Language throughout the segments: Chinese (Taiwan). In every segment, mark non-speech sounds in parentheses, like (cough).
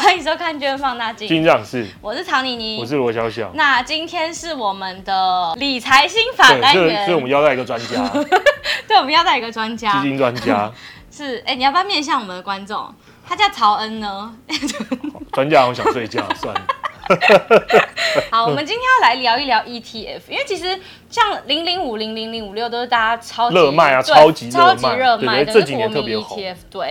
歡迎收看《Fund 大鏡》，金長是，我是曹妮妮，我是羅小小。那今天是我們的理財心法單元，所以我們要帶一個專家， (laughs) 對，我們要帶一個專家，基金專家。是，哎、欸，你要不要面向我們的觀眾？他叫曹恩呢。專 (laughs) 家，我想睡覺 (laughs) 算了。 (laughs) 好，我們今天要來聊一聊 ETF，因為其實。像零零五零零零五六都是大家超級熱賣啊，超級超級熱賣，都是國民 ETF，對對,對,對,對,對，這幾年特別好。對，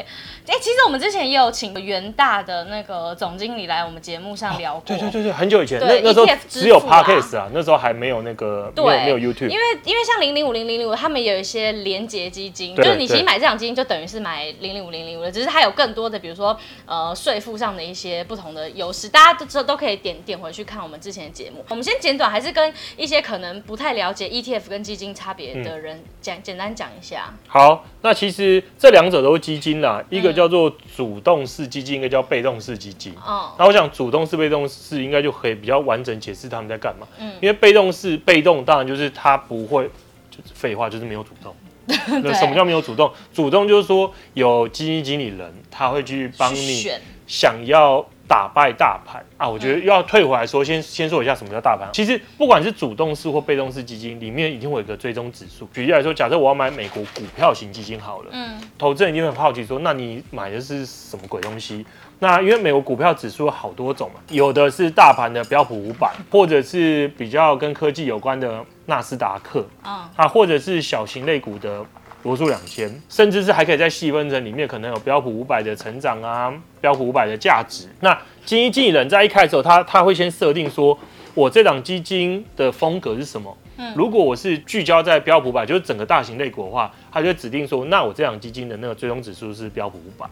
哎、欸，其實我們之前也有請元大的那個總經理來我們節目上聊過。對、哦、對對對，很久以前，對那,那時候只有 Podcast 啊,啊，那時候還沒有那個對沒有沒有 YouTube。因為因為像零零五零零五，他們有一些聯結基金，對對對就是你其實買這樣基金就等於是買零零五零零五了，只是它有更多的比如說呃稅負上的一些不同的優勢，大家都時都可以點點回去看我們之前的節目。我們先簡短，還是跟一些可能不太了。解 ETF 跟基金差別的人講、嗯、簡單講一下。好，那其實這兩者都是基金啦、嗯，一個叫做主動式基金，一個叫被動式基金。哦、嗯，那我想主動式、被動式應該就可以比較完整解釋他們在幹嘛。嗯，因為被動式被動當然就是他不會就是廢話，就是沒有主動。那 (laughs) 對、什麼叫沒有主動？主動就是說有基金經理人，他會去幫你想要。打敗大盤啊！我覺得要退回來說，嗯、先先說一下什麼叫大盤。其實不管是主動式或被動式基金，裡面一定會有一個追蹤指數。舉例來說，假設我要買美國股票型基金好了，嗯、投資人一定很好奇說，那你買的是什麼鬼東西？那因為美國股票指數有好多種嘛，有的是大盤的標普五百，或者是比較跟科技有關的納斯達克、哦、啊，或者是小型類股的。羅素兩千，甚至是還可以再細分成裡面，可能有標普五百的成長啊，標普五百的價值。那基金經理人在一開始的時候，他他會先設定說，我這檔基金的風格是什麼、嗯？如果我是聚焦在標普五百，就是整個大型類股的話，他就指定說，那我這檔基金的那個追蹤指數是標普五百。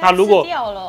那如果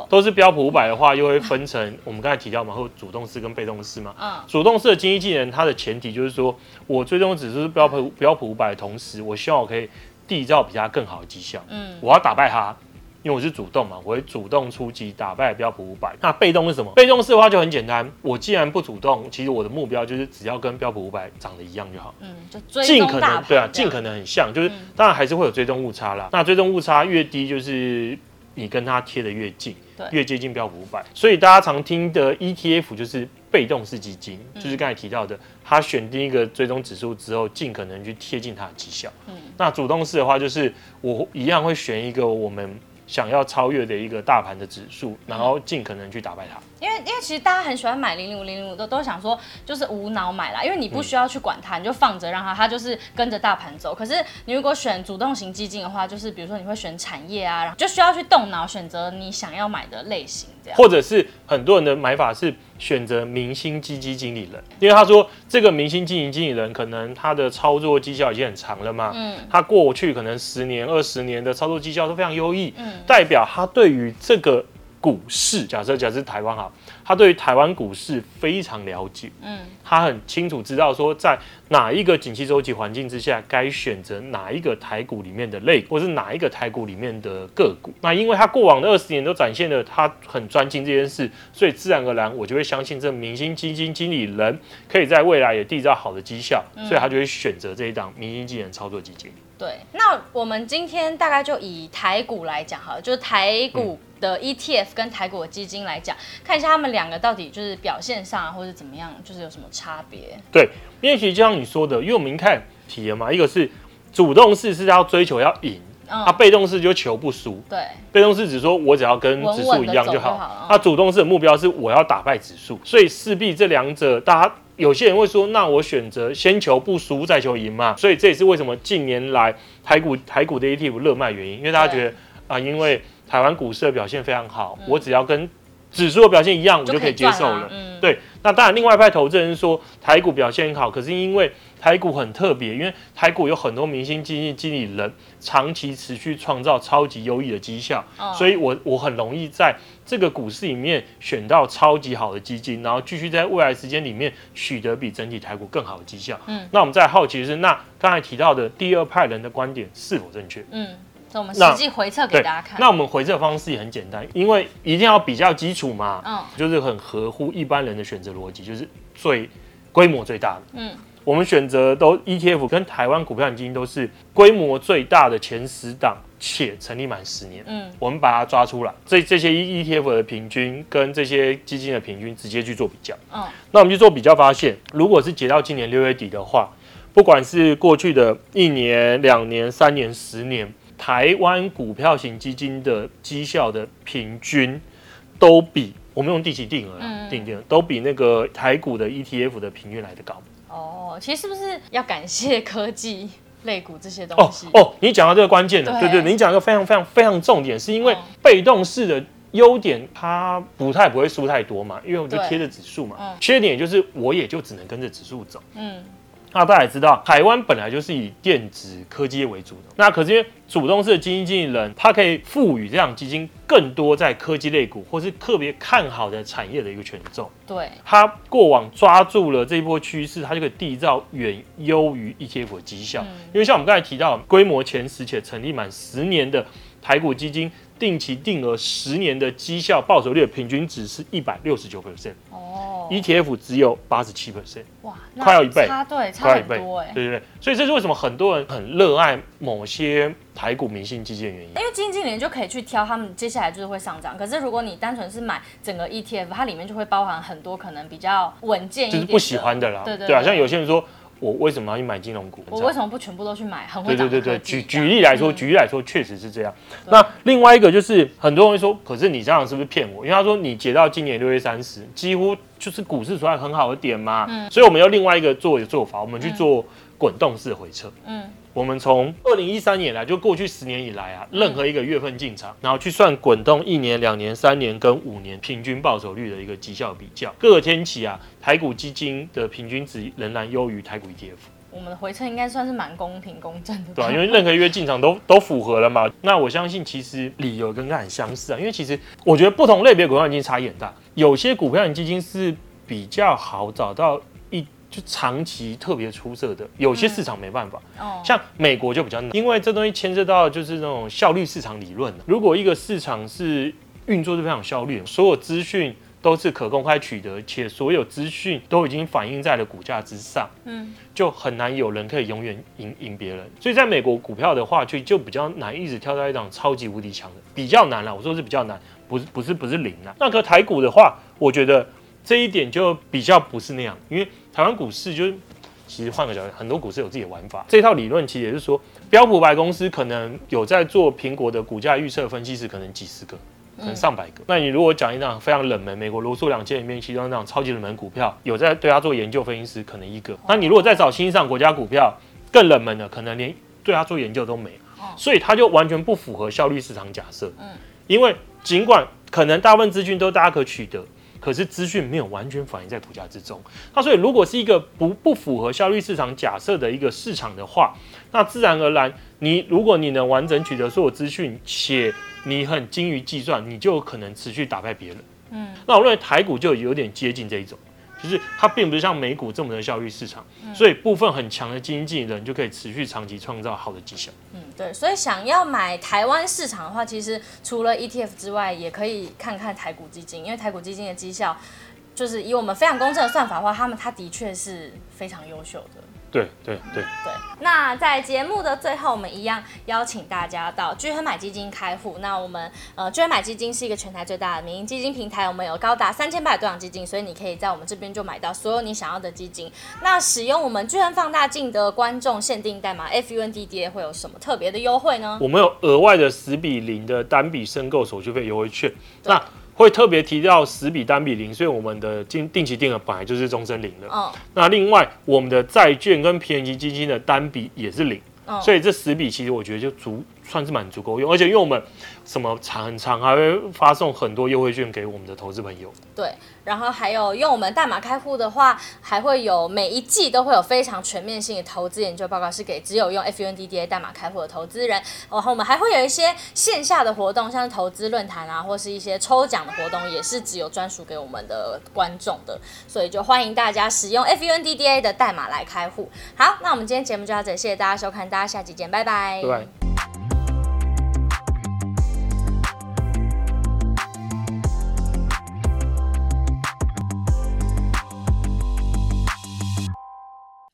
都是標普五百的話、嗯，又會分成我們剛才提到嘛，會有主動式跟被動式嘛、嗯。主動式的基金經理人他的前提就是說我追蹤指數是標普標普五百，同時我希望我可以。締造比它更好的績效，嗯，我要打敗它，因為我是主動嘛，我會主動出擊打敗標普五百。那被動是什麼？被動式的話就很簡單，我既然不主動，其實我的目標就是只要跟標普五百長得一樣就好，嗯，就追蹤大盤，盡可能，對啊，盡可能很像，就是、嗯、當然還是會有追蹤誤差啦。那追蹤誤差越低，就是你跟它貼得越近，對，越接近標普五百。所以大家常聽的 ETF 就是。被動式基金就是剛才提到的，嗯、他選定一個追蹤指數之後，盡可能去貼近它的績效。嗯，那主動式的話，就是我一樣會選一個我們想要超越的一個大盤的指數，然後盡可能去打敗它、嗯。因為因為其實大家很喜歡買零零五零零五，都都想說就是無腦買啦，因為你不需要去管它、嗯，你就放着讓它它就是跟着大盤走。可是你如果選主動型基金的話，就是比如說你會選產業啊，然後就需要去動腦選擇你想要買的類型，這樣。或者是很多人的買法是。選擇明星基金經理人，因為他說這個明星基金經理人，可能他的操作績效已經很長了嘛，嗯，他過去可能十年、二十年的操作績效都非常優異，嗯，代表他對於這個。股市，假設假設台灣好，他對於台灣股市非常了解，嗯，他很清楚知道說，在哪一個景氣週期環境之下，該選擇哪一個台股裡面的類股，或是哪一個台股裡面的個股。那因為他過往的二十年都展現了他很專精這件事，所以自然而然我就會相信這明星基金經理人可以在未來也締造好的績效，嗯，所以他就會選擇這一檔明星經理人操作基金。對，那我們今天大概就以台股來講好了，就是台股的 ETF 跟台股的基金來講，嗯，看一下他們兩個到底就是表現上，啊、或者怎麼樣，就是有什麼差別。對，因為其實就像你說的，因為我們一看題了嘛，一個是主動式是要追求要贏，它，嗯啊、被動式就求不輸。對，被動式只說我只要跟指數一樣就好，它，嗯啊、主動式的目標是我要打敗指數，所以勢必這兩者大家。有些人會說，那我選擇先求不輸再求贏嘛，所以這也是為什麼近年來台股台股的 ETF 熱賣原因，因為大家覺得啊，因為台灣股市的表現非常好，嗯、我只要跟。指數的表現一樣，我就可以接受了。啊嗯、對，那當然，另外一派投資人說台股表現很好，可是因為台股很特別，因為台股有很多明星基金經理人長期持續創造超級優異的績效，哦，所以我我很容易在這個股市裡面選到超級好的基金，然後繼續在未來時間裡面取得比整體台股更好的績效。嗯，那我們再好奇，就是，那剛才提到的第二派人的觀點是否正確？嗯。我們實際回測給大家看那。那我們回測方式也很簡單，因為一定要比較基礎嘛，嗯、哦，就是很合乎一般人的選擇邏輯，就是最規模最大的，嗯，我們選擇都 ETF 跟台灣股票基金都是規模最大的前十檔，且成立滿十年，嗯，我們把它抓出來，這這些 ETF 的平均跟這些基金的平均直接去做比較，嗯，那我們就做比較，發現如果是截到今年六月底的話，不管是過去的一年、兩年、三年、十年。台灣股票型基金的績效的平均，都比我們用定期定額，嗯，定定都比那個台股的 ETF 的平均來得高。哦，其實是不是要感謝科技類股這些東西？哦，哦你講到這個關鍵了對對，對對，你講一個非常非常非常重點，是因為被動式的優點，它不太不會輸太多嘛，因為我就貼着指數嘛、嗯。缺點就是我也就只能跟着指數走。嗯。那大家也知道，台灣本來就是以電子科技業為主的。那可是因為主動式的基金經理人，他可以賦予這樣基金更多在科技類股或是特別看好的產業的一個權重。對，他過往抓住了這一波趨勢，他就可以締造遠優於 ETF 績效。因為像我們剛才提到，規模前十且成立滿十年的台股基金。定期定額十年的績效報酬率平均值是一百六十九 percent，哦，ETF 只有八十七 percent，哇，快要一倍，差對差一倍、欸、對對，對，所以這是為什麼很多人很熱愛某些台股明星基金的原因，因為基金經理人就可以去挑他們接下來就是會上漲，可是如果你單純是買整個 ETF，它裡面就會包含很多可能比較穩健一點就是不喜歡的啦，對對對，對，對啊，像有些人說。我為什麼要去買金融股？我為什麼不全部都去買？很會對，對對對，舉舉例來說，舉例來說，確實是這樣，嗯。那另外一個就是很多人會說，可是你這樣是不是騙我？因為他說你截到今年六月三十，幾乎就是股市出來很好的點嘛。嗯，所以我們有另外一個做做法，我們去做。滾動式回撤，嗯，我們從二零一三年以來，就過去十年以來啊，任何一個月份進場、嗯，然後去算滾動一年、兩年、三年跟五年平均報酬率的一個績效比較，各天期啊，台股基金的平均值仍然優於台股 ETF。我們的回撤應該算是蠻公平公正的，對、啊、因為任何一個月進場都都符合了嘛。 (laughs) 那我相信其實理由跟它很相似啊，因為其實我覺得不同類別股票基金差異很大，有些股票型基金是比較好找到。就長期特別出色的，有些市場沒辦法，嗯、像美國就比較難，哦、因為這東西牽涉到就是那種效率市場理論、啊、如果一個市場是運作是非常效率，所有資訊都是可公開取得，且所有資訊都已經反映在了股價之上、嗯，就很難有人可以永遠贏贏別人。所以在美國股票的話，就就比較難一直挑到一檔超級無敵強的，比較難了。我說是比較難，不是不是不是零啊。那個台股的話，我覺得。這一點就比較不是那樣，因為台灣股市就是，其實換個角度，很多股市有自己的玩法。這一套理論其實也是說，標普白公司可能有在做蘋果的股價預測分析師，可能幾十個，可能上百個。嗯、那你如果講一檔非常冷門美國羅素兩千裡面，其中一檔超級冷門股票，有在對它做研究分析師可能一個。那你如果再找新興國家股票更冷門的，可能連對它做研究都沒。所以它就完全不符合效率市場假設。因為儘管可能大部分資訊都大家可取得。可是資訊沒有完全反映在股價之中，那所以如果是一個不不符合效率市場假設的一個市場的話，那自然而然，你如果你能完整取得所有資訊，且你很精於計算，你就有可能持續打敗別人。嗯，那我認為台股就有點接近這一種。其實它並不是像美股這麼的效率市場，所以部分很強的經紀人就可以持續長期創造好的績效。嗯，對，所以想要買台灣市場的話，其實除了 ETF 之外，也可以看看台股基金，因為台股基金的績效，就是以我們非常公正的算法的話，他們它的確是非常優秀的。對對對對，那在節目的最後，我們一樣邀請大家到鉅亨買基金開戶。那我們呃，鉅亨買基金是一個全台最大的民營基金平台，我們有高達三千八百多檔基金，所以你可以在我們這邊就買到所有你想要的基金。那使用我們鉅亨放大鏡的觀眾限定代碼 FUNDDA 會有什麼特別的優惠呢？我們有額外的十比零的單筆申購手續費優惠券。那會特別提到十筆單筆零，所以我們的定期定額本來就是終身零的。Oh. 那另外我們的債券跟偏股基金的單筆也是零，oh. 所以這十筆其實我覺得就足。算是蠻足夠用，而且因為我們什麼長很長，還會發送很多優惠券給我們的投資朋友。對，然後還有用我們代碼開戶的話，還會有每一季都會有非常全面性的投資研究報告，是給只有用 FUNDDA 代碼開戶的投資人。然後我們還會有一些線下的活動，像是投資論壇啊，或是一些抽獎的活動，也是只有專屬給我們的觀眾的。所以就歡迎大家使用 FUNDDA 的代碼來開戶。好，那我們今天節目就到這裡，謝謝大家收看，大家下期見，拜拜。拜拜。